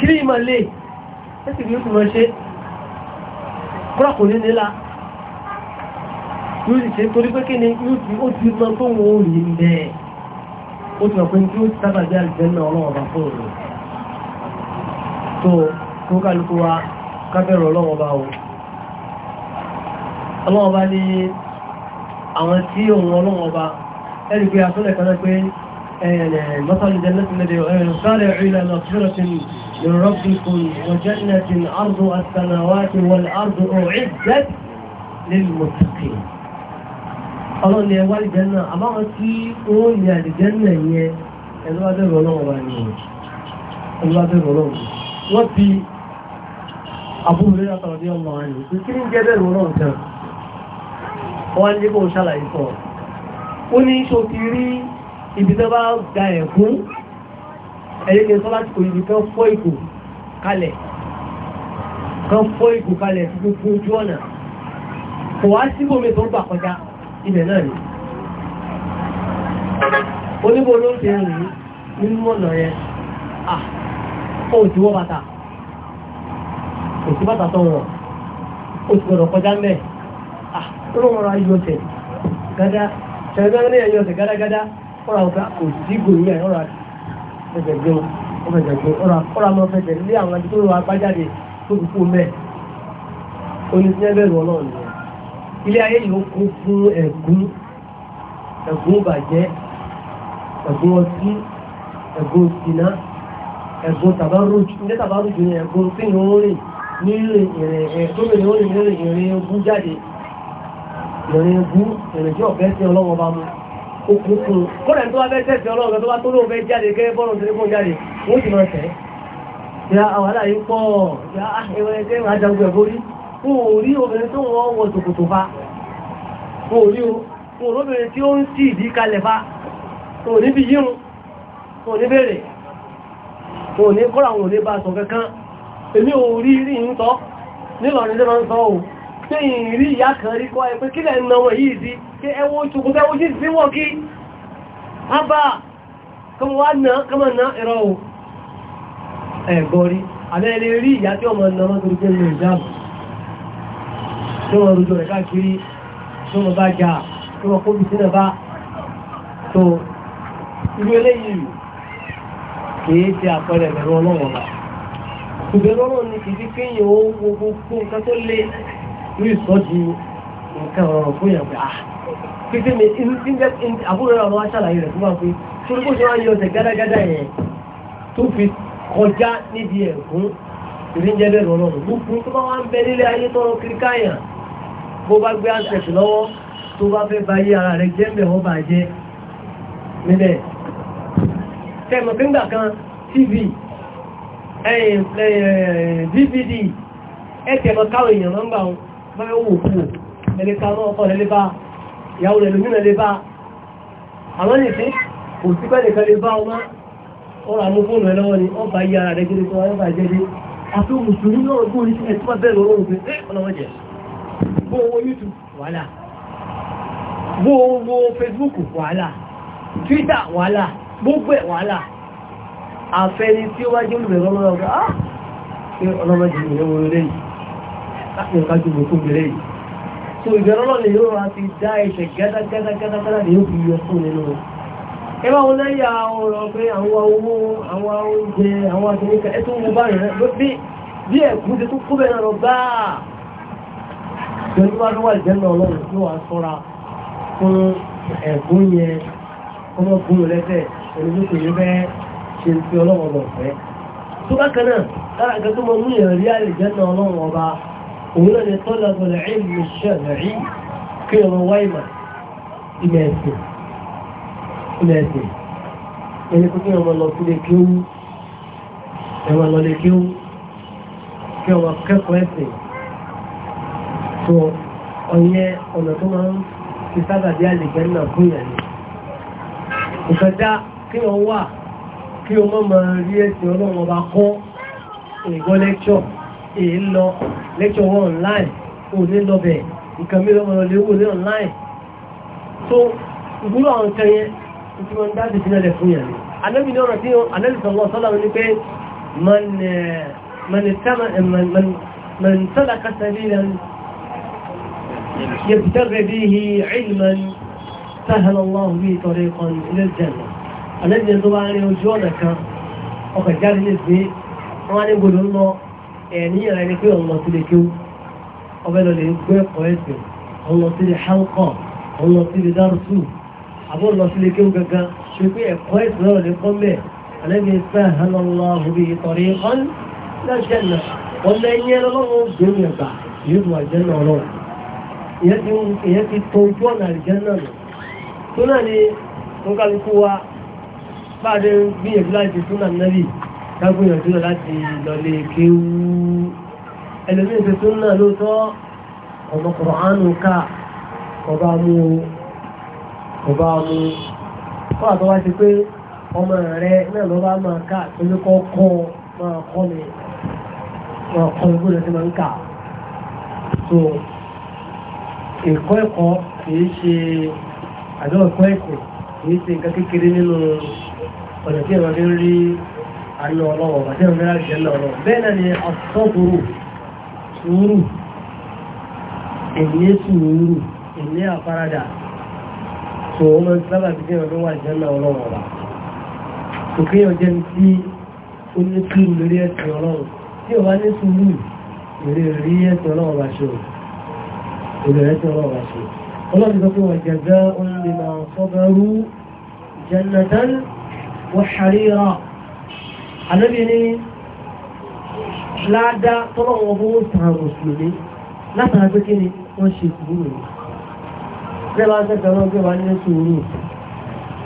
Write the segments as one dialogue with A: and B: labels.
A: kiri ìmọ̀ lè ẹ́sì bí ó kùnmọ̀ ṣe kúrò kò ní nílá yóò sì ṣe torí pé kí ni ó ti mọ tó wọn ò ní bẹ́ẹ̀ ó ti mọ̀ pé tí ó ti sábà bí àlùjẹ́nà ọlọ́wọ́ bá fún òun tó kó kálukú wa kábẹ̀rẹ̀ ọlọ́wọ́ bá o ọlọ́wọ́ bá من ربكم وجنة أرض السماوات والأرض أعدت للمتقين ọlọ́run ni ẹwà ìjẹ́nà àbáwọn tí ó ní àdìjẹ́nà yẹn ẹlúwàbẹ̀rẹ̀ ọlọ́run wà ní ẹlúwàbẹ̀rẹ̀ ọlọ́run wọ́n fi àbúrò látàrí ọmọ wa ní kí ní jẹ́bẹ̀rẹ̀ ọlọ́run kan ẹ̀yẹ́kẹ́ sọ láti kò yìí kan fọ́ ìkò kalẹ̀ kan fọ́ ìkò kalẹ̀ sí gbogbo ojú ọ̀nà kò wá síbò mi tó gbà kọjá ilẹ̀ náà ni oníbo ló ń ṣe rìn nínú ọ̀nà yẹn à ó ti wọ́ bàtà kò sí bàtà tó wọ̀n ó ti gbọdọ̀ kọjá mẹ́ à ó lọ́wọ́ ra yọ ọ̀sẹ̀ gádá ṣẹ̀gbọ́n ní ẹ̀yọ ọ̀sẹ̀ gádá gádá ọ̀rọ̀ àwùká kò sí gòmìnà ọ̀rọ̀ fẹsẹ̀ gbé o ó fẹsẹ̀ gbé ọ̀rọ̀ àkọ́rọ̀ àmọ́ fẹsẹ̀ lé àwọn àti tó wà gbájáde tó fi kú mẹ́ oníṣẹ́ ẹgbẹ̀rún ọlọ́run nìyẹn ilé ayé yìí ó kún fún ẹ̀gún ẹ̀gún bàjẹ́ ẹ̀gún ọtí ẹ̀gún ìsìná ẹ̀gún tàbárùjù ní tàbárùjù ní ẹ̀gún tí ní ó rìn ní ìrìn ìrìn tó jáde ìrìn ogún ìrìn tí ọ̀fẹ́ sí ọlọ́wọ́ bá mú òkùnkùn kọ́lẹ̀ tó wá fẹ́ tẹ̀sí ọlọ́run tó wá tó lóun fẹ́ jáde kẹ́ bọ́ọ̀lù tó lè fún jáde wọ́n sì máa tẹ̀ ya àwọn aláyé pọ̀ ya ẹwẹ́ ẹgbẹ́ ìwà àjàgbẹ̀ borí wọn ò rí obìnrin tó wọ́n wọ tòkòtò fa wọn ò rí o wọn ò lóbìnrin tí ó ń sí ìdí kalẹ̀ fa wọn ò ní bí yíhun wọn ò ní bèrè wọn ò ní kọ́ra wọn ò ní bá sọ kankan èmi ò rí rí ń tọ́ nílọrin tí wọ́n ń sọ tí ìrí ìyá kan rí kọ́ ẹgbẹ́ kílẹ̀ ń náwọn yìí sí kí ẹwọ́ ṣogun bẹ́ sí wọ́n kí a bá kọmọ wá náà kọmọ náà ẹ̀rọ o ẹ̀gọ́ rí alẹ́lẹ́ rí ìyá tí ọmọ náà tó jẹ́ lè ni kìí kéèyàn ó gbogbo nǹkan tó le lórí ìsọ́jú nǹkan ọ̀rọ̀ fún ìyàwó à ah, pípé mi àbúrò rẹ̀ ọ̀rọ̀ aṣàlàyé rẹ̀ fún wa pé torí kó ṣe wá yọ ọ̀sẹ̀ gádágádá yẹn tó fi kọjá níbi ẹ̀kún ìrìnjẹ́ bẹ̀rù ọlọ́run gbogbo tó bá wá ń bẹ nílé ayé tọrọ kiri káyà bó bá gbé àṣẹ̀tì lọ́wọ́ tó bá fẹ́ ba yé ara rẹ̀ jẹ́ báyọ̀ wò kú ẹlẹ́ ká lọ́ ọkọ̀ lẹ́lẹ́ bá ìyàwó rẹ̀ lómìnà lẹ́ bá àwọn lè fi kò sí pẹ́ẹ́ nìkan lè bá ọmọ ọ̀rọ̀ àwọn fóònù ẹ lọ́wọ́ ni wọ́n bá yí ara rẹ̀ gẹ́gẹ́ tó wọ́n bá jẹ́ dé àti mùsùlùmí náà gbọ́n ní ẹ̀ tí wọ́n bẹ̀rẹ̀ lọ́wọ́ pé ẹ ọlọ́wọ́ jẹ́
B: YouTube wàhálà bó owó Facebook wàhálà Twitter wàhálà gbogbo ẹ̀ wàhálà àfẹ́ni tí ó wájú olùbẹ̀rẹ̀
A: ọlọ́wọ́ ah, káàkiri ká ju gbogbo gbèrè yìí so ìbẹ̀rẹ̀ náà lè yóò rà ti dá ẹ̀ṣẹ̀ gẹ́gẹ́gẹ́gẹ́gẹ́gẹ́ lè yóò fi yọ fún nínú rẹ̀ ẹ bá wọn lẹ́yà ọ̀rọ̀ pé àwọn owó àwọn oúnjẹ àwọn akẹ́kẹ́ ẹ tó ń wo báyìí rẹ̀ bí bí ẹ̀kú ti tún kú bẹ́ẹ̀ náà lọ gbáà pẹ̀lú wá ló wà ìjẹ́nà ọlọ́run ló wà òun náà ni tọ́lọ̀bù ilmi ṣẹ̀rẹ̀ kí wọ́n wá ìmọ̀ ilẹ̀ ẹ̀sìn ilẹ̀ ẹ̀sìn ẹni kó kí wọ́n lọ sí lè kí ó ẹ̀wọ̀n lọ lè kí ó kí wọ́n kẹ́kọ̀ọ́ ẹ̀sìn tó ọ̀yẹ ọ̀nà tó máa ń fi sábà bí àlèjẹ́ náà fún ìyàn ni ìkọjá kí wọ́n wà kí wọ́n máa rí ẹ̀sìn ọlọ́run ọba kọ́ ìgbọ́ lẹ́kṣọ̀ọ́ èyí ń lọ lẹ́kṣọ̀ wọn online òní lọ́bẹ̀ nǹkan mìíràn wọn lè wò ní online tó ìgbúrò àwọn nǹkan yẹn tí wọ́n dá dìbò lẹ̀ fún yẹn anábì ní ọ̀rọ̀ tí anábì sọ̀rọ̀ sọ́lá wọn ni pé eh, eh, man salaka sabilan yabtaghi bihi ilman sahala Allahu bihi tariqan ila al-janna anábì ní ẹ̀ní rẹ̀ ni pé òun lọ sílé kí ọbẹ̀ lọ lè gbé ẹ̀kọ́ ẹ̀sìn òun lọ sílé hankọ́ òun lọ sílé dárúsù àbọ̀ lọ sílé kí gangan ṣe pé ẹ̀kọ́ ẹ̀sìn lọ́rọ̀ lè kọ́ mẹ́ alẹ́bí sahhala Allahu bihi tariqan ila janna ọmọ ẹ̀yẹ lọ́wọ́ gbẹ̀mí ẹ̀bà yóò wà jẹ́ náà lọ́wọ́ ìyẹn ti tó ojú ọ̀nà àìjẹ́ kágbìyànjú láti lọlé kéwú ẹlòmí ìfẹ́ tó náà lóòótọ́ ọmọ Kùránù ká ọba mú ọba mú kọ́ àtọ́wá ti pé ọmọ rẹ náà ló bá máa ká torí kọ́
B: máa kọ́ mi máa kọ́ mi gbọ́dọ̀ sí máa ń kà so ẹ̀kọ́ ẹ̀kọ́ kìí ṣe àjọ ẹ̀kọ́ ẹ̀kọ́
A: kìí ṣe nǹkan kékeré nínú ọ̀nà tí ẹ̀rọ fi ń rí àánú ọlọ́wọ̀ bàtẹ́ òmìnira jẹ́ lọ́rọ̀ bẹ́ẹ̀ náà ni àtọ́bùrù sùúrù èyí sùúrù èyí àfaradà tó o máa ń sábà fi jẹ́ ọdún wà jẹ́ náà ọlọ́wọ̀ bá òkè ọjẹ́ tí ó ní sùúrù lórí ẹ̀sìn ànábì ní láàdá tọ́lọ́wọ́ owó tàn mùsùlùmí látara pé kí ni wọ́n ṣe sùúrù rẹ̀ bẹ́ẹ̀ bá sẹ́kẹ̀ ọlọ́run pé wà ní sùúrù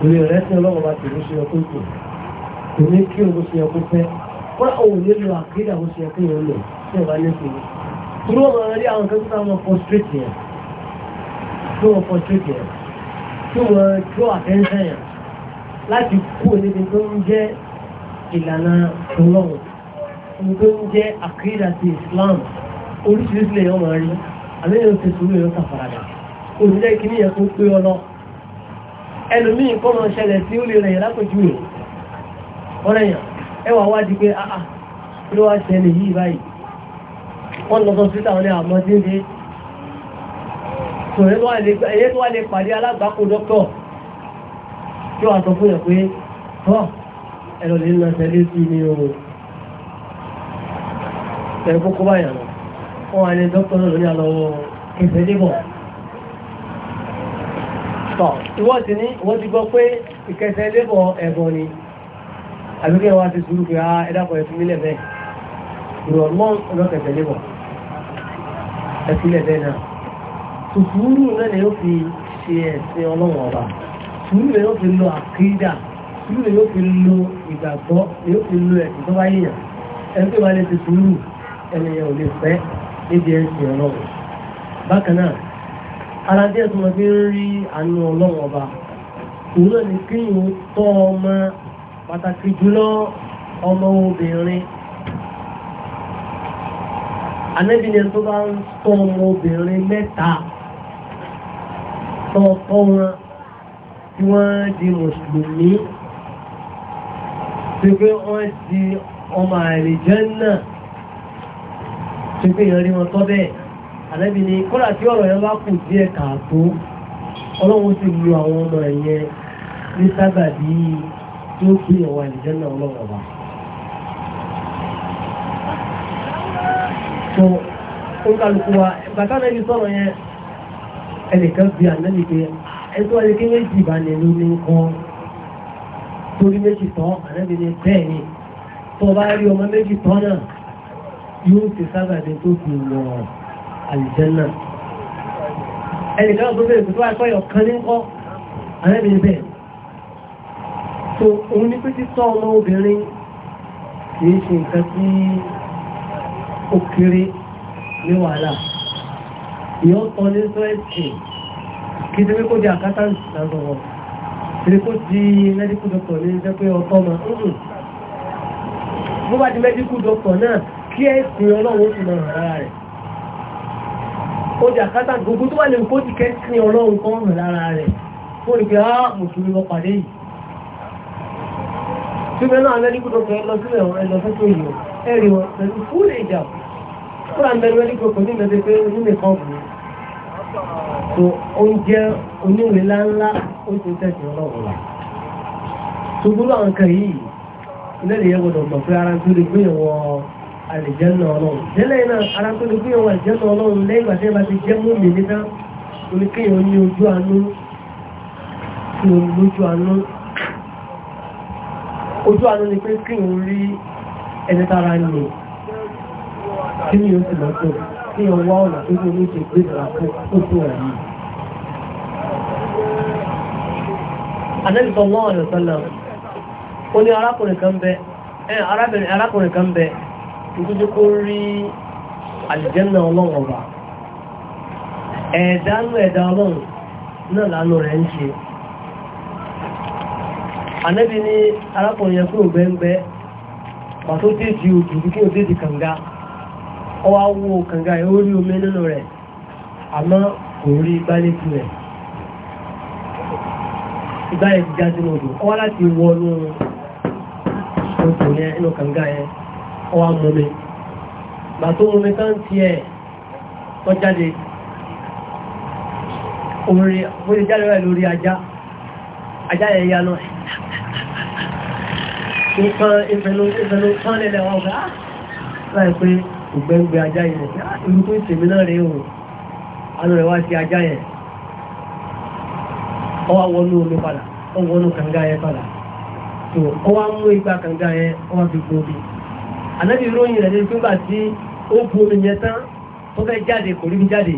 A: òye rẹ̀ sí ọlọ́run bá tèmi ṣe ọkọ̀ ìpè kò ní kí òun ṣe ọkọ̀ fẹ́ wọ́n àwọn òye lọ àkéde àwọn ṣe ọkọ̀ yẹn lọ sí ọba ní sùúrù kúrò wọn rí tó ń jẹ́ ìlànà ọlọ́run ohun tó ń jẹ́ àkídà ti Islam oríṣiríṣi lèèyàn máa rí àmì èèyàn ti sùúrù èèyàn kàfàràdà òṣìṣẹ́ kìíní yẹn tó pé ọ lọ ẹlòmíì kọ́ máa ṣẹlẹ̀ tí ó lè rẹ̀ yẹn lápòjú rẹ̀ ọ̀rẹ́ yẹn ẹwà wá di pé àà ah, ah, ló wá ṣẹlẹ̀ yìí báyìí wọ́n lọ sọ síta wọn ní àmọ́ tí ń dé ẹ̀yẹ́ tó wá lè pàdé alágbàkó dọ́kọ̀ tí wàá sọ fún yẹn pé tọ́ ẹ̀rọ lè nà tẹ̀lé sí ní oòrùn ẹ̀rọ kókó báyà lọ wọ́n wà ní dókítà náà lórí àlọ́wọ́ kẹfẹ́ débọ̀ tọ̀ ìwọ́n ti ní ìwọ́n ti gbọ́ pé ìkẹsẹ̀ débọ̀ ẹ̀bọ̀ ni àbíkẹ́ wa ti sùúrù pé ẹ̀dàpọ̀ ẹ̀fún nílẹ̀ bẹ́ẹ̀ ìrọ̀lọ́ ọlọ́kẹsẹ̀ débọ̀ ẹ̀fúnlẹ̀ bẹ́ẹ̀ náà tùtùrù náà ni ó fi ṣe ẹ̀sìn ọlọ́wọ̀n ọba tùtùrù náà ni ó fi lọ àkídà sùúrù yóò fi lo ìgbàgbọ́ yóò fi lo ẹ̀sìn tó bá yíyàn ẹni tó bá lè ti sùúrù ẹnìyàn ò lè pẹ́ níbi ẹ̀sìn ọlọ́run bákan náà ara díẹ̀ tó mọ fi ń rí àánú ọlọ́run ọba òun náà ni kí n tọ́ ọmọ pàtàkì jùlọ ọmọ obìnrin Ànábì ni tó bá ń tọ́ ọmọ obìnrin mẹ́ta tọ́ ọkọ wọn tí wọ́n di mùsùlùmí tí pé wọ́n di ọmọ àlìjànnà tí pé ìyọrí wọn tọ́ bẹ́ẹ̀ àlẹ́bí ni kódà tí ọ̀rọ̀ yẹn bá kù díẹ̀ kààtó ọlọ́run ti lu àwọn ọmọ ẹ̀yẹ ní sábàbí tó gbé ọwọ́ àlìjànnà ọlọ́run ọba. so ó kálukú wa bàtà náà ibi sọ̀rọ̀ yẹn ẹnìkan bí ànábì pé ẹ̀tọ́ ẹni kí méjì bá ní ẹni ó ní torí méjì tán ànábì ni bẹ́ẹ̀ ni tó bá rí ọmọ méjì tán náà yóò ti sábàdé tó fi wọ àlìjẹ́nà ẹnìkan tó bẹ̀rẹ̀ tó wáyé pẹ́yọ̀ kan ní kọ́ ànábì ni bẹ́ẹ̀ tó òun ní pé títọ́ ọmọ obìnrin kì í ṣe nǹkan tí ó kéré ní wàhálà ìyọ́ tọ́ ní sọ́ẹ̀tì kí ti di àkátà ìsìnkú ìrìkó di medical doctor ní jẹ́ pé ọkọ́ ma ń bó bá di medical doctor náà kí ẹ pè ọlọ́run sì máa hàn lára rẹ̀ ó di àkátà gbogbo tó wà lè kó ti kẹ́sìn ọlọ́run kan hàn lára rẹ̀ fún ìpè á mùsùlùmí lọ pàdé yìí tí bẹ́ẹ̀ náà medical doctor lọ sílẹ̀ ẹ̀lọ́ sẹ́tọ̀ yìí ẹ rí wọn pẹ̀lú fún ìjà fúnra mẹ́rin medical doctor ní ìmẹ́sẹ̀ pé onímẹ̀kọ́ ọ̀gbìn so oúnjẹ oníwèé láńlá ó ti tẹ́sì ọlọ́run là ṣùgbọ́n àwọn kan yìí ilé ìyẹn gbọdọ̀ mọ̀ pé ara tó lè gbéyàwó àlìjẹ́nà ọlọ́run tẹ́lẹ̀ náà ara tó lè gbéyàwó àlìjẹ́nà ọlọ́run lẹ́yìn ìgbà tẹ́lẹ̀ bá ti jẹ́ mú mi níta ojú àánú ni pé kí o rí ẹni tára ní kí ni o sì lọ́tọ̀ kí o wá ọ̀nà tó tó ní ṣe gbé tó tó ẹ̀yìn Ànábì sallallahu alaihi wasallam ó ní arákùnrin kan bẹ ẹ arábìnrin arákùnrin kan bẹ ìtújú kó rí àlìjẹ́nà ọlọ́run ọba ẹ̀ẹ̀dánú ẹ̀dá ọlọ́run náà lánà rẹ̀ ń ṣe Ànábì ní arákùnrin yẹn kúrò gbẹ́ngbẹ́ pàtó déjì òjò kí kànga ọwá wo kànga ẹ̀ ó omi nínú rẹ̀ àmọ́ kò rí gbálẹ́kù rẹ̀ ìgbà yẹn ti já sínú odò ọ wá láti wọnú odò yẹn inú kànga yẹn ọ wá mú mi gbà tó mú mi tán tiẹ̀ ọ jáde orí ó ti jáde rẹ̀ lórí ajá ajá yẹn yá náà nǹkan ìfẹ̀lú ìfẹ̀lú tán lẹ́lẹ̀ wọn gbà ah! láì pé ògbẹ́ngbẹ́ ajá yẹn ìlú ah! tó ìsèmí náà rèé o alọ́ rẹ̀ wá sí ajá yẹn ọwọ́ wọnú omi padà ọwọ́ wọnú kànga yẹn padà tó ọwọ́ mú ipa kànga yẹn ọwọ́ fi gbó bi ànábì ròyìn rẹ̀ ní pípa tí ó bu omi yẹn tán tó fẹ́ jáde kò rí jáde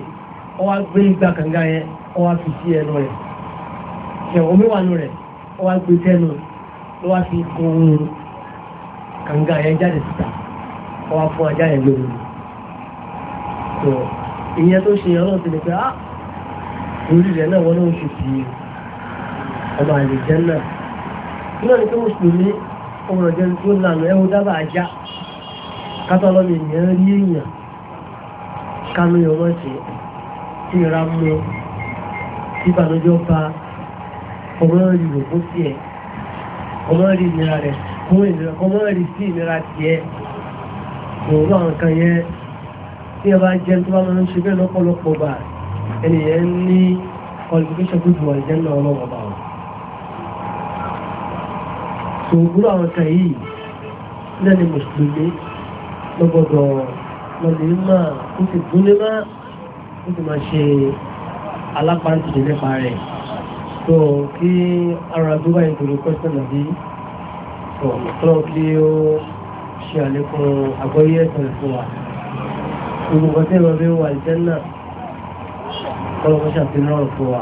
A: ọwọ́ gbé ipa kànga yẹn ọwọ́ fi sí ẹnu rẹ̀ ṣe omi wà nù rẹ̀ ọwọ́ gbé tẹnu ló wá fi gun kànga jáde síta ọwọ́ fún ajá yẹn lórí ìyẹn tó ṣe yẹn lọ́sìn ni pé ah orí rẹ̀ náà wọ́n ló ń ṣe sí i ọmọ àlejẹ́ náà nínú ní pé mùsùlùmí ọmọ ọjọ́ tó lànà ẹ̀hó dábàá ajá kátó ọlọ́mọ ènìyàn rí èèyàn kánú yọmọ sí tí ìra mú tí ìbànújọ́ bá ọmọ rí òkú sí ẹ̀ ọmọ rí ìnira rẹ̀ fún ìnira ọmọ rí sí ìnira tiẹ̀ òun àwọn kan yẹn tí ẹ bá jẹ́ tó bá máa ń ṣe bẹ́ẹ̀ lọ́pọ̀lọpọ̀ bá ẹnìyẹn ní qualification gbogbo ọ̀jẹ́ náà ọlọ́wọ́ bá. tó wúrọ̀ àwọn kan yìí lẹ́ni mùsùlùmí lọ́gbọ́dọ̀ lọ́lẹ̀ máa ó ti gúnlé máa ó ti máa ṣe alápáńtìdé nípa rẹ̀ tó kí ara tó bá ìgbèrò pẹ́sẹ̀ nàbí tó tọ́lọ́ kí ó ṣe àlékún àgbọ́yé ẹ̀sẹ̀ fún wa gbogbo tí wọ́n fi wà ìjẹ́ náà kọ́lọ́kọ́ ṣàfihàn fún wa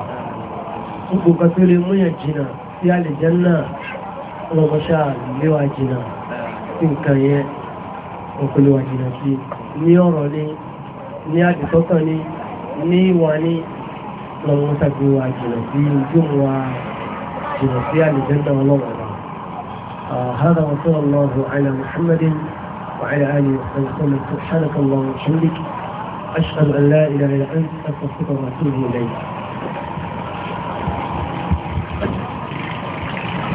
A: gbogbo kan tó lè múyàn jìnnà sí àlìjẹ́ náà ọlọ́mọṣà léwà jìnà sí nǹkan yẹn òkúlùwà jìnà sí ní ọ̀rọ̀ ní ní àdìsọ́kàn ní ní ìwà ní ọlọ́mọṣà gbéwà jìnà sí ojú wa jìnà sí àlùjẹ́ndà ọlọ́mọṣà هذا وصلى الله على محمد وعلى آله وصحبه وسلم سبحانك اللهم أشهد أن لا إله إلا أنت أستغفرك وأتوب إليك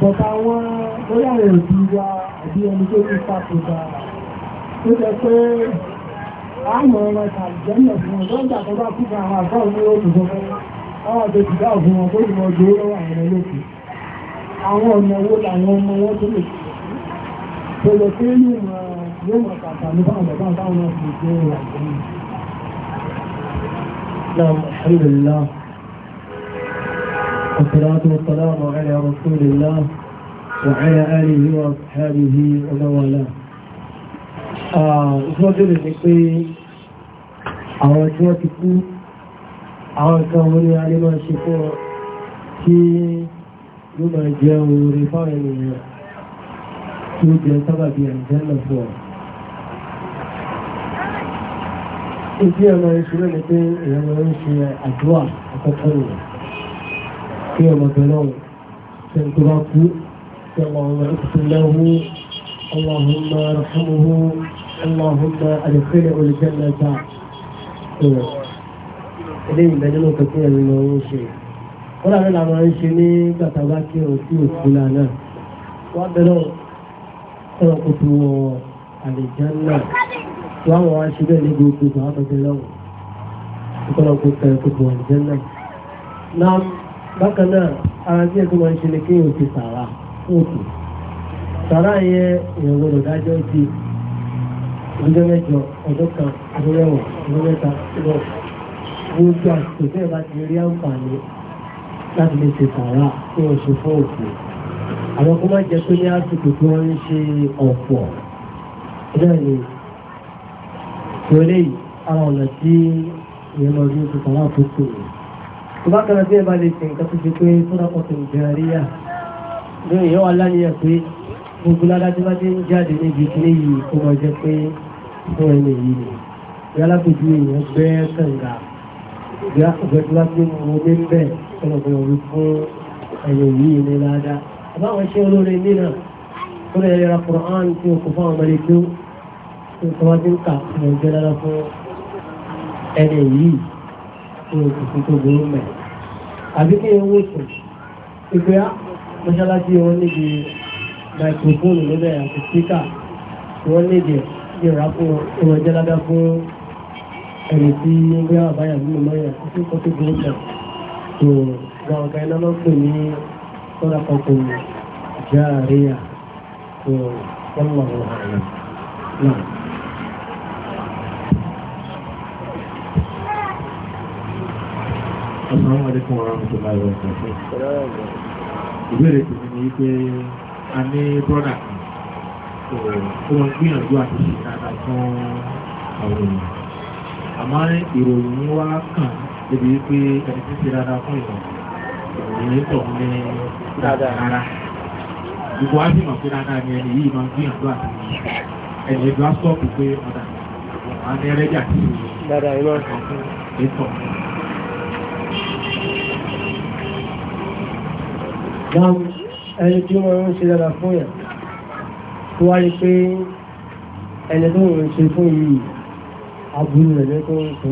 B: bọ̀tà àwọn bóyá rẹ̀ àbí ẹni tó ní pàtàkì tó jẹ́ pé àmọ̀ ọ̀rọ̀ ìtàlìjẹ́lẹ̀ fún ọjọ́ ìgbà tó bá kúkà àwọn àbá òní olùsọ fẹ́ àwọn ìdá òfin wọn tó
A: ní mọ̀ والصلاة والسلام على رسول الله وعلى آله وأصحابه ومن والاه ìfọ́jú lè ní pé àwọn tí wọ́n ti kú àwọn kan wọ́n ní alé máa
C: ṣe fún ọ tí yóò máa jẹ oore fáwọn ènìyàn tí ó jẹ sábàbí àìjẹ́nà fún ọ
A: ìdí ẹ̀mọ̀ ìṣúrẹ́ ni pé èèyàn máa ń ṣe àdúrà àkọ́kọ́ nìyàn kí ọmọ bẹ̀rẹ̀ كان تراكي اللهم اغفر له اللهم ارحمه اللهم ادخله الجنة eléyìí ìgbẹ́jọ́ ló kẹ́kẹ́ ẹ̀rí lọ ń ṣe wọ́n láàrin làwọn ń ṣe ní gbàtàbá kí o sí òkú lànà wọ́n bẹ̀rẹ̀
C: ọ̀rọ̀ kò tó wọ àlìjánná tí wọ́n wọ́n ṣe bẹ́ẹ̀ ní gbogbo àwọn ọ̀bẹ̀rẹ̀ lọ́wọ́ ìkọlọ̀ kò tẹ̀ kò tó
A: bákan náà ara tí ẹ̀kọ́ máa ń ṣe ni kí òkè sàrà òkè sàrà yẹn èèyàn gbọdọ̀ dájọ́ sí ọjọ́ mẹ́jọ ọjọ́ kan ọjọ́ mẹ́wàá ọjọ́ mẹ́ta lọ gbogbo àsìkò tí ẹ bá ti rí àǹfààní láti lè ṣe sàrà kí wọ́n ṣe fún òkè àwọn kó má jẹ́ pé ní àsìkò tí wọ́n ń ṣe ọ̀pọ̀ náà ni ìṣòro yìí àwọn ọ̀nà tí ìyẹn lọ rí oṣù sàrà tó kù yìí bákan bí ẹ bá lè ṣe nǹkan tó ṣe pé sọ́dọ̀pọ̀tò ìjẹ̀ríyà ní èèyàn wà láníyàn pé gbogbo ládájú bá dé ń jáde níbi kí níyì kó mọ pé fún ẹni yìí ni yálàbùjú èèyàn gbẹ́ kànga ìgbà ọ̀gbẹ́ tó bá gbé mo gbé bẹ́ẹ̀ ọlọ́gbẹ́ orí fún ẹni yìí ní ládá àbáwọn iṣẹ́ olóore nínà tó lè ẹni yìí ní òkùnkùn tó burú mẹ́ àbí kí owó sùn ìgbé mọ́ṣáláṣí wọn níbi microphone lọ́bẹ̀ àti speaker wọn níbi ìrà fún ìwọ̀n jẹ́ ládá fún ẹni tí ó gbé àbáyà nínú mọ́yà tó kọ́ tó burú mẹ́ tó
C: gba ọ̀gá iná lọ́ pè ní sọ́dà kọkùn jáàríyà Assalamu alaikum warahmatullahi wabarakatuh. Ìbéèrè tèmi ni wípé a ní brọ́dà kan tó ń gbìyànjú àti ṣe dáadáa fún àwọn ènìyàn. Àmọ́ ìròyìn wá kàn débi wípé ẹni tí ń ṣe dáadáa fún ìwọ̀n ìròyìn tó ń ní rárá. Gbogbo wa sì mọ̀ pé dáadáa ni ẹni yìí máa ń gbìyànjú àti ẹni ìgbà sọ́ọ̀pù pé ọ̀dà àwọn ẹlẹ́jà ti ṣe dáadáa ìwọ̀n kan fún ìtọ̀. gan
A: ẹni tí wọ́n ń ṣe dára fún yà tó wá rí pé ẹni tó ń ṣe fún yìí àbúrú rẹ̀ lẹ́ tó ń sọ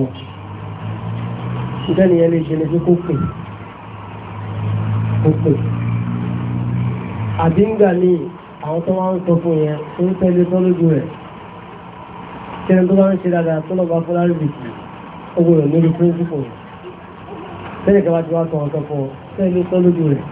A: ìdẹ́ni ẹni ṣe ni pé kó pè kó pè àbí ń gbà ní àwọn tó wá ń sọ fún yẹn tó ń tẹ́lẹ̀ tọ́ lójú rẹ̀ tí ẹni tó bá ń ṣe dáadáa tó lọ́ba fúlárì bìtì ó gbọ́dọ̀ lórí píríncípù tẹ́lẹ̀ kí ti wá sọ ọ̀tọ̀ fún ọ tẹ́lẹ̀ tọ́ lójú rẹ̀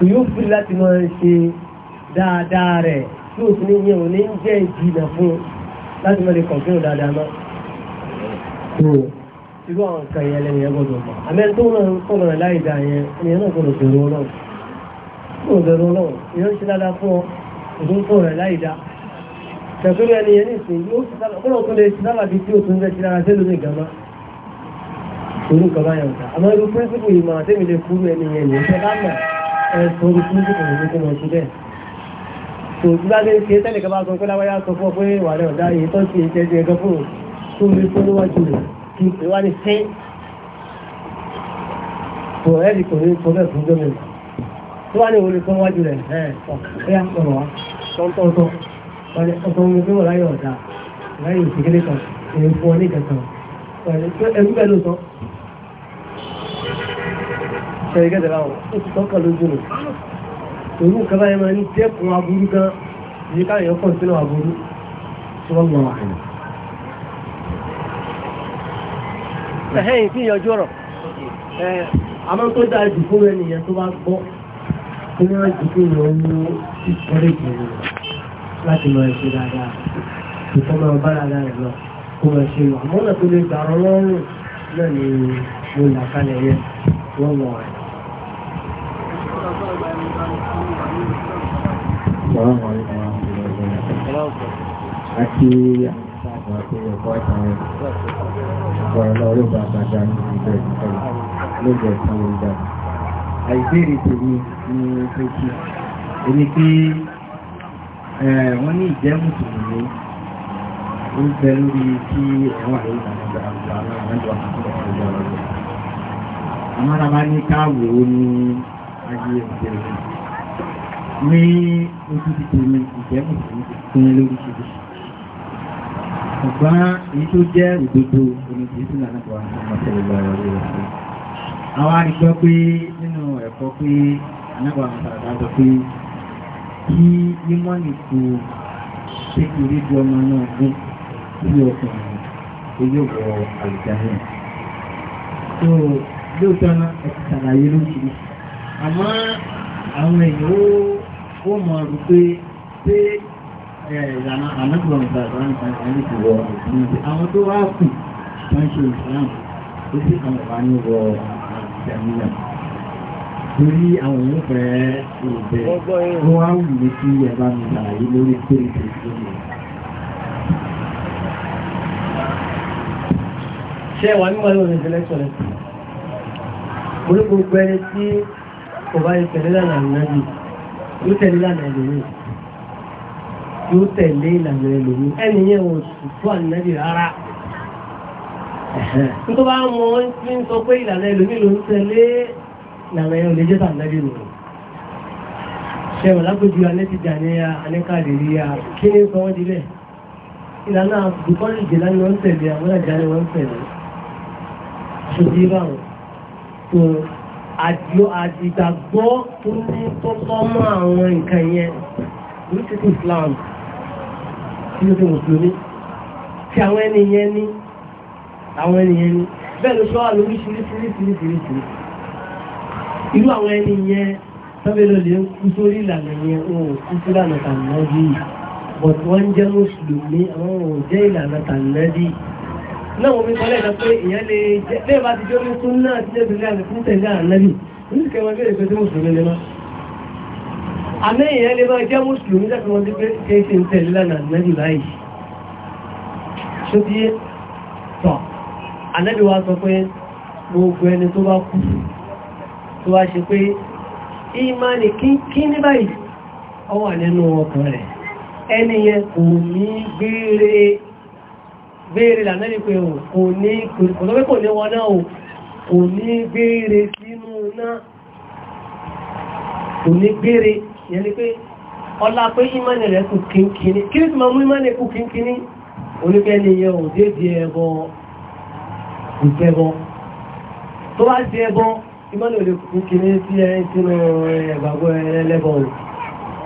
A: kò yóò fi láti máa ń ṣe dáadáa rẹ̀ tí òfin ní yẹn ò ní ń jẹ́ ìjìnà fún láti máa lè kọ̀ǹtínù dáadáa mọ́. tó irú àwọn nǹkan yẹn lẹ́yìn yẹn gbọ́dọ̀ mọ̀ àmẹ́ tó náà ń sọ̀rọ̀ rẹ̀ láì dá yẹn ènìyàn náà gbọ́dọ̀ bẹ̀rù ọlọ́run gbọ́dọ̀ bẹ̀rù ọlọ́run èèyàn ń ṣe dáadáa fún ọ òtún ń sọ̀rọ̀ rẹ̀ láì dá ṣàkóso ẹni yẹn nìsín yóò kọ́lọ̀ tó lè ṣe sábàbí tí ó tún fẹ́ ṣe báyọ̀ nǹkan àmọ́ irú píríncípù ìmọ̀ àtẹ́mi lè kúrú ẹni yẹn nìyẹn ṣẹ́ bá mọ̀ ẹ̀sùn orí fún ìgbìmọ̀ ìwé tó wọ́n ti bẹ́ẹ̀. tó ti bá lè ṣe tẹ́lẹ̀ kan bá sọ pé láwáyá sọ fún ọ pé wà rẹ̀ ọ̀dá èyí tó ti ṣe ṣe ẹ̀gọ́ fún tó rí tó níwájú rẹ̀ kí pé wá ní fẹ́. tó ẹ̀rì kò rí sọ bẹ́ẹ̀ fún gómìnà tó wá ní òun lè sọ níwájú rẹ̀ ẹ̀ ọ̀kẹ́ ọ̀rọ̀ wa tọ́ntọ́ntọ́ ọ̀tọ̀ omi tó wà láyé ọ̀dà láyé òṣèlú kan èyí fún ọ ní ìkẹta ẹ̀rù bẹ́ẹ̀ ló sọ ṣẹ̀rẹ̀gẹ́dẹ̀ láwọn ó ti tọ́kà lójú nù òru nǹkan báyìí máa ń dẹ́kun aburú gan yìí káyọ̀ pọ̀ sínú aburú tí wọ́n gbọ́n àyè. ẹ̀hẹ́n ìfi ìyànjú ọ̀rọ̀ àmọ́ tó dáa jù fún ẹni yẹn tó bá gbọ́
B: tó ní wọ́n jù fún ìyàn ní
A: ìkọ́rẹ́ ìgbìmọ̀ láti lọ ẹ̀ṣẹ̀ dáadáa ìfọ́ máa dáadáa lọ kó lọ ṣe lọ àmọ́ ọ̀nà tó lè gbà ọ́ náà ni mo là kalẹ̀ yẹn
C: wọ́n lọ Àti àwọn akẹ́yẹ̀ ọkọ̀ àtàrẹ ọ̀rọ̀ lọ orí bá bàjá ní ìgbẹ̀ ìpẹ̀lú lóògbẹ̀ ìpẹ̀lú ìgbà. Àìbéèrè tèmi ní Tókí, èmi pé wọ́n ní ìjẹ́ mùsùlùmí ó ń bẹ lórí kí ẹ̀wọ̀n àrẹ ìgbà àgbà àwọn ẹ̀dọ̀ àkọ́kọ́ àmọ́ra bá ní káàwò ó ní ayé ìgbẹ̀rẹ̀ ní ojú títò ní ìjẹ́mù fún lórí ṣíṣe ọ̀gbọ́n èyí tó jẹ́ òdodo oníjìsí lánàbọ̀ àmọ́sẹ̀lẹ̀lẹ̀ ọ̀rẹ́ rẹ̀ àwọn àrígbọ́ pé nínú ẹ̀kọ́ pé ànàbọ̀ àmọ́sẹ̀lẹ̀lẹ̀ pé kí mímọ́nì kò ṣe kí orí ju ọmọ náà gún sí ọkùnrin tó yóò wọ àlùjáde tó lóòótọ́ náà ẹ̀ ti ṣàlàyé lóṣìṣẹ́ àmọ́ àwọn èèyàn ó ó mọ̀ rú pé pé ìlànà àmọ́gbọ̀n ìgbàgbọ́n ìpàdé ti wọ ìpínlẹ̀ àwọn tó wá kù wọ́n ṣe ìsìlámù ó sì kan wà ní wọ àtìsẹ́mílà torí àwọn èèyàn fẹ́ ìbẹ̀ wọ́n wá wù mí kí ẹ bá mi ṣàlàyé lórí pé ìpínlẹ̀
A: ṣe wà níwọ̀n lórí ìfẹ́lẹ́sọ̀rẹ́ yóò tẹ̀lé ìlànà ẹlòmí yóò tẹ̀lé ìlànà ẹlòmí ẹni yẹn wọn sùkú ànínàbì rárá nítorí bá mọ ní sọ pé ìlànà ẹlòmí ló ń tẹ̀lé ìlànà ẹ̀rọ lè jẹ́ta ànínàbì rò ṣẹ̀wọ̀n lágbójú alẹ́ ti jà ní anẹ́kàdìrí ya kí ni sọ wọ́n dilẹ̀ ìlànà àbùkọ́lù ìjìlá ni wọ́n tẹ̀lé àwọn àjà ni wọ́n tẹ̀lé ṣùgbọ́n àjò àdìgbàgbọ́ tó ní tọ́tọ́ mọ́ àwọn nǹkan yẹn oríṣiríṣi Islam tí ó ti mùsùlùmí tí àwọn ènìyàn ní àwọn ènìyàn ní bẹ́ẹ̀ ló ṣọ́wà lórí ṣiríṣiríṣiríṣiríṣi irú àwọn ènìyàn tọ́bẹ̀ lọ lè kú sórí ìlànà yẹn wọn ò kú sí ìlànà tàbí náà bí but wọ́n jẹ́ mùsùlùmí àwọn ò jẹ́ ìlànà tàbí náà bí náà wọ́n mi sọ lẹ́ẹ̀kan pé ìyẹn lè jẹ́ bẹ́ẹ̀ bá ti jẹ́ omi tún náà ti jẹ́bi láàrin fún tẹ̀lé ànábì ní kẹ́ wọn bẹ̀rẹ̀ pé tí mùsùlùmí lè má. àmì ìyẹn lè máa jẹ́ mùsùlùmí lẹ́kọ̀ọ́ wọn ti pé kéèké ń tẹ̀lé lánàá ànábì báyìí. sókè tọ̀ ànábì wa sọ pé gbogbo ẹni tó bá kú tó wá ṣe pé ìmánì kí ní báyìí ọwọ́ nínú ọkàn rẹ̀ ẹni yẹn kò ní gbére béèrè lànà ní pé kò ní kòtọ́pẹ́ kò ní o kò ní béèrè sínú náà kò ní béèrè yẹn ni pé ọlá pé ìmánì rẹ̀ kù kínkíní kí ní tí máa mú ìmánì kù kínkíní oníkẹ́ ni yẹn ò dédé ẹbọ ìjẹbọ tó bá jẹ ẹbọ ìmánì ò lè kù kínkíní sí ẹ sínú ẹgbàgbọ́ ẹlẹ́bọ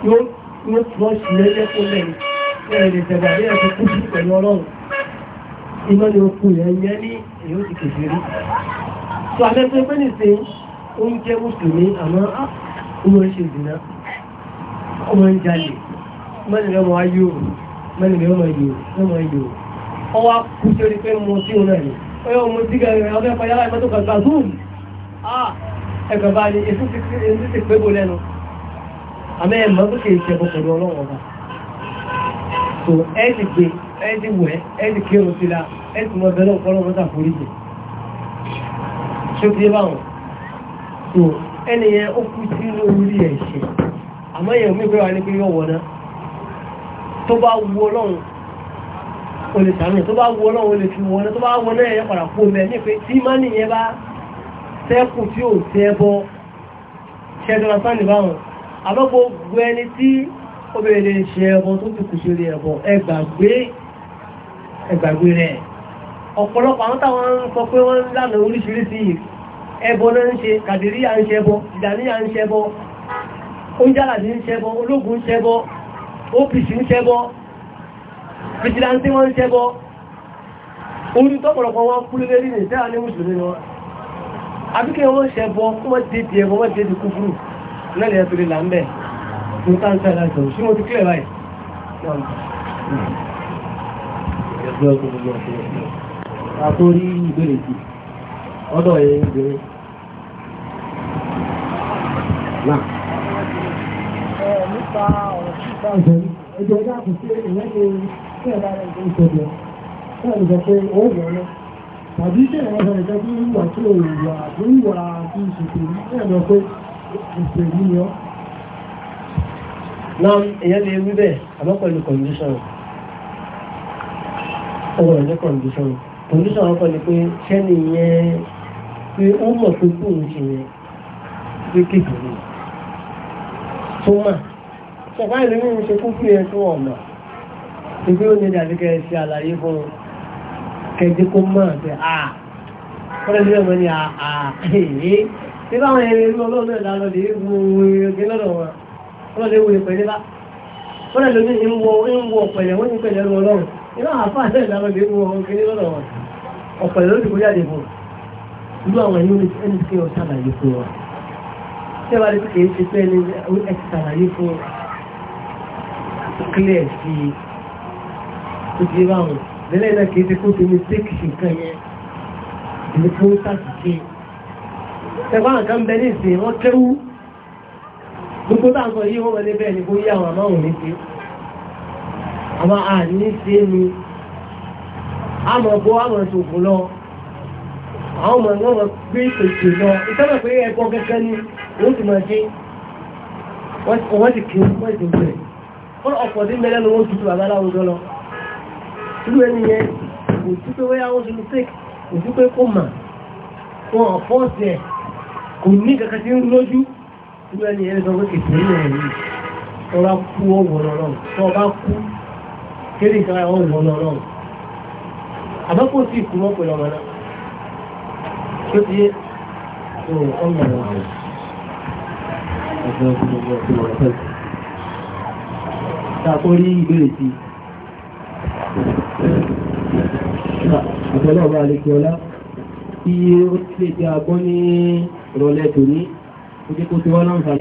A: yóò tún ọ sílẹ̀ lẹ́kọ̀ọ́ lẹ́yìn ẹ̀ lè tẹ̀gbà bí ẹ̀ tó kú sí pẹ̀lú ọlọ́run iná ni okùn yẹn yẹn ní èyí ó ti kèfè rí tó àmẹ́fẹ́ pé nìsín ó ń jẹ́ mùsùlùmí àmọ́ ọmọ ń ṣe ìdìnnà ọmọ ń jalè mẹ́rin ayé o mẹ́rin ayé o ọmọ kú ẹni wẹ̀ ẹni kírun sí la ẹni mọ̀ bẹ̀rẹ̀ ọ̀pọ̀lọ́ mọ́ta forí jù ṣó ti báwọn tó ẹni yẹn ó kú sí lórí ẹ̀ṣẹ̀ àmọ́ yẹn omi pé wà ní pé yọ wọ̀ náà tó bá wu ọlọ́run o lè sàánù tó bá wu ọlọ́run o lè fi wọ́n tó bá wọ́n náà yẹn padà kó mẹ́ ní pé tí má nìyẹn bá sẹ́kù tí ò tẹ́ bọ́ ṣẹ́dọ̀rọ̀ sáàlì báwọn àbọ́gbogbo ẹni tí obìnrin lè ṣe ẹbọ tó ẹgbàgbé rẹ̀ ọ̀pọ̀lọpọ̀ àwọn táwọn ń sọ pé wọ́n lánà oríṣiríṣi ẹbọ náà ń ṣe kàdìríyà ń ṣẹbọ ìdàníyà ń ṣẹbọ oúnjẹ́làdì ń ṣẹbọ ológun ń ṣẹbọ OPC ń ṣẹbọ vigilante wọ́n ń ṣẹbọ orí tọ́pọ̀lọpọ̀ wọn kú lé lérí nìtẹ́ra ní mùsùlùmí wọn àbíkẹ́ wọ́n ṣẹbọ kí wọ́n dé di ẹbọ wọ́n dé di kúfúrú náà lè ẹ́ torí là ń bẹ̀ ní káńtà láti
C: ọ̀rọ̀ sí mo ti kílẹ̀ báyìí ẹgbẹ́ ọkùnrin ọ̀sẹ̀ ọ̀sẹ̀ àtórí ìbéèrè jù ọ̀dọ̀ ẹ̀ náà.
B: nípa ọ̀rọ̀ síta ìbẹ̀rù ẹjọ́ ẹjọ́ àkùsí ìyẹn lè ṣe ẹ̀dá rẹ̀ ìgbẹ́ ìṣẹ̀lẹ̀ náà lè ó wọ̀ ọ́ tàbí wà tí ò wà tó ń wà tí ìṣètò ẹ̀rọ pé náà
A: ìyẹn lè wí bẹ́ẹ̀ àmọ́ pẹ̀lú condition ọwọ́ ẹ̀jẹ̀ condition condition ọkọ̀ ni pé ṣẹ́ni yẹn pé ó mọ̀ pé bóun ṣe yẹn pé kékeré tó mà ṣọ̀pá ìlú mi ṣe kú fún yẹn tó ọ̀nà ìgbé ó ní dàbí kẹ́ ẹ ṣe àlàyé fún kẹ́jẹ́ kó mọ̀ pé à kọ́lẹ̀ sí ọmọ ní àà èyí tí báwọn ẹni rí ọlọ́run náà lálọ́ lè wo ẹgbẹ́ lọ́dọ̀ wọn kọ́lẹ̀ lè wo ìpẹ́lẹ́ bá kọ́lẹ̀ lóní ń wọ ọ̀pẹ̀lẹ̀ wọ́n ní pẹ̀lẹ́ ọlọ́run iná àfáà sẹ́yìn lára lè kiri lọ́dọ̀ wọn ọ̀pọ̀ ìlú ti kó jáde fún ìlú àwọn ẹni ní ẹni tí ó ṣàlàyé fún wa ṣé wàá rí pé kìí ṣe pé ẹni ẹ ti ṣàlàyé fún clear sí i tó ti bá wọn lẹ́lẹ́ náà kìí ṣe kó ti ní take ṣe nǹkan yẹn ìlú tó ń ṣàṣìṣe ṣẹ̀fọ́ àǹkan bẹ ní ìsìn wọn ni kó àwọn àní ṣe ni àmọ̀ bó àmọ̀ ṣòfò lọ àwọn ọmọ náà wọ́n gbé ìpèsè lọ ìtọ́nà pé ẹ̀kọ́ kẹ́kẹ́ ni wọ́n ti máa dé wọ́n ti kí wọ́n ti bẹ̀rẹ̀ fún ọ̀pọ̀ tí mẹ́lẹ́ ni wọ́n tutù bàbá láwùjọ lọ tún ẹni yẹn kò sí pé wọ́n yá wọ́n ṣe kò sí pé kò mà wọn ọ̀fọ́ọ̀sì ẹ̀ kò ní kankan tí ń lójú tún ẹni yẹn sọ pé kìtìrì náà yìí tọ́ra kú ọ̀wọ̀ lọ́rọ̀ tọ́ bá kú kéré nǹkan àwọn òun ọ̀nà ọ̀nà àmọ́ kò sí ìkú mọ́ pẹ̀lú ọmọ náà tó ti yé tó
C: ọmọ náà ọ̀sẹ̀ ọdún gbogbo ọ̀sẹ̀ ọ̀rọ̀ pẹ̀lú tàkó rí ìbéèrè sí àtọ́lọ́ ọba àlejò ọlá iye ó ti lè jẹ agbọ́n ní rọlẹ́ tòní ó jẹ́ kó ti wá láǹfààní